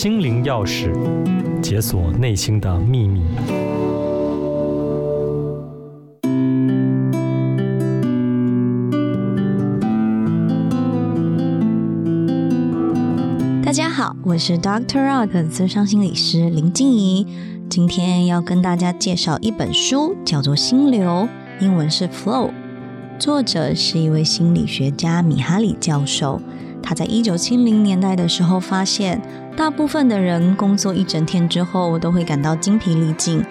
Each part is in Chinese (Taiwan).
心靈鑰匙，解鎖內心的秘密。大家好，我是 Doctor Rock 的諮商心理師林靜怡，今天要跟大家介紹一本書，叫做《心流》，英文是 Flow，作者是一位心理學家米哈里教授。他在一九七零年代的時候發現。大部分的人工作一整天之後都會感到精疲力盡，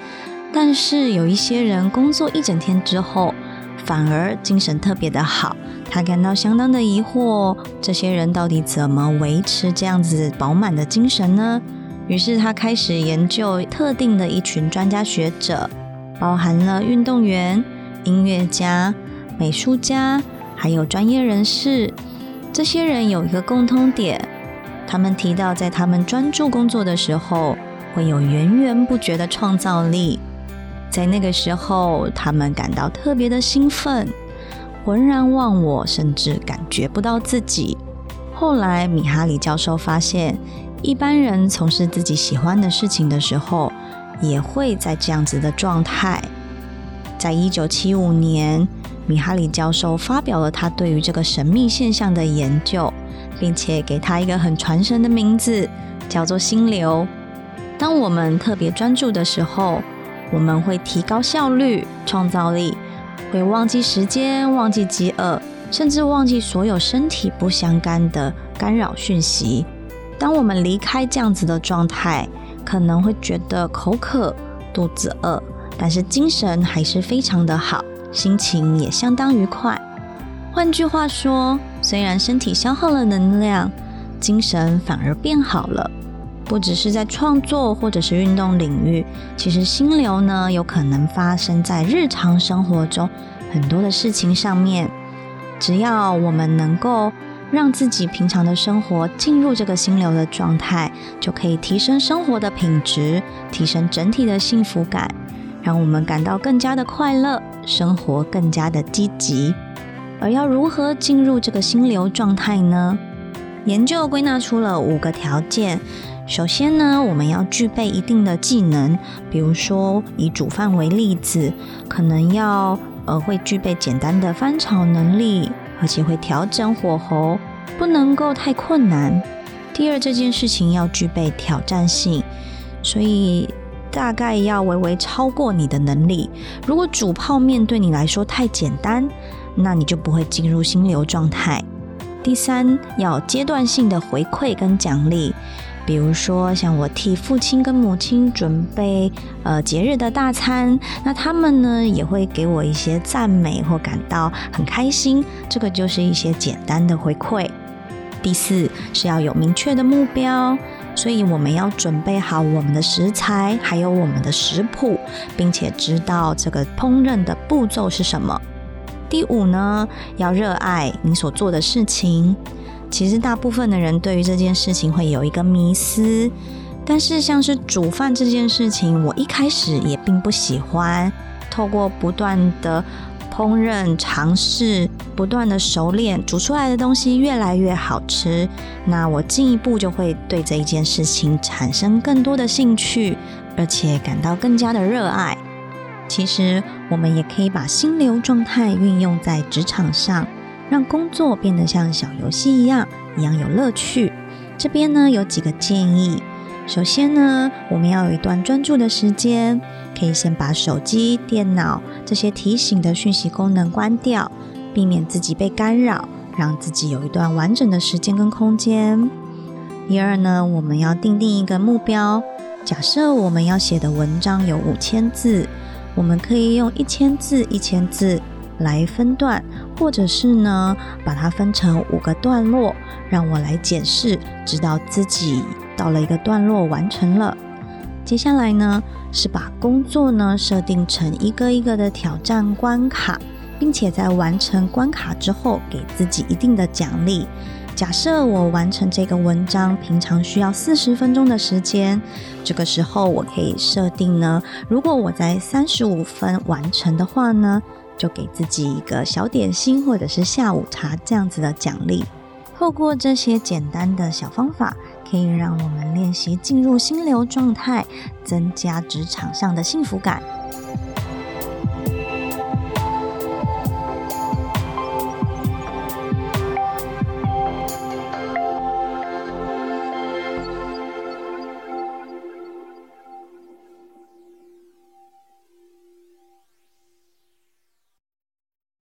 但是有一些人工作一整天之後反而精神特別的好。他感到相當的疑惑，這些人到底怎麼維持這樣子飽滿的精神呢？於是他開始研究特定的一群專家學者，包含了運動員、音樂家、美術家，還有專業人士。這些人有一個共通點。他們提到，在他們專注工作的時候，會有源源不絕的創造力。在那個時候，他們感到特別的興奮，渾然忘我，甚至感覺不到自己。後來，米哈里教授發現，一般人從事自己喜歡的事情的時候，也會在這樣子的狀態。在一九七五年，米哈里教授發表了他對於這個神秘現象的研究。並且給他一個很傳神的名字，叫做心流。當我們特別專注的時候，我們會提高效率、創造力，會忘記時間、忘記飢餓，甚至忘記所有身體不相干的干擾訊息。當我們離開這樣子的狀態，可能會覺得口渴、肚子餓，但是精神還是非常的好，心情也相當愉快。換句話說，雖然身體消耗了能量，精神反而變好了。不只是在創作或者是運動領域，其實心流呢，有可能發生在日常生活中很多的事情上面。只要我們能夠讓自己平常的生活進入這個心流的狀態，就可以提升生活的品質，提升整體的幸福感，讓我們感到更加的快樂，生活更加的積極。而要如何進入這個心流狀態呢？研究歸納出了五個條件。首先呢，我們要具備一定的技能，比如說以煮飯為例子，可能要呃會具備簡單的翻炒能力，而且會調整火候，不能夠太困難。第二，這件事情要具備挑戰性，所以大概要微微超過你的能力。如果煮泡麵對你來說太簡單。那你就不會進入心流狀態。第三，要階段性的回饋跟獎勵，比如說像我替父親跟母親準備呃節日的大餐，那他們呢也會給我一些讚美或感到很開心，這個就是一些簡單的回饋。第四，是要有明確的目標，所以我們要準備好我們的食材，還有我們的食譜，並且知道這個烹飪的步驟是什麼。第五呢，要熱愛你所做的事情。其實大部分的人對於這件事情會有一個迷思，但是像是煮飯這件事情，我一開始也並不喜歡。透過不斷的烹飪嘗試，不斷的熟練，煮出來的東西越來越好吃，那我進一步就會對這一件事情產生更多的興趣，而且感到更加的熱愛。其實我們也可以把心流狀態運用在職場上，讓工作變得像小遊戲一樣，一樣有樂趣。這邊呢有幾個建議。首先呢，我們要有一段專注的時間，可以先把手機、電腦這些提醒的訊息功能關掉，避免自己被干擾，讓自己有一段完整的時間跟空間。第二呢，我們要訂定一個目標，假設我們要寫的文章有五千字。我們可以用一千字一千字來分段，或者是呢，把它分成五個段落，讓我來解釋，直到自己到了一個段落完成了。接下來呢，是把工作呢設定成一個一個的挑戰關卡，並且在完成關卡之後，給自己一定的獎勵。假設我完成這個文章，平常需要四十分鐘的時間。這個時候，我可以設定呢，如果我在三十五分完成的話呢，就給自己一個小點心或者是下午茶這樣子的獎勵。透過這些簡單的小方法，可以讓我們練習進入心流狀態，增加職場上的幸福感。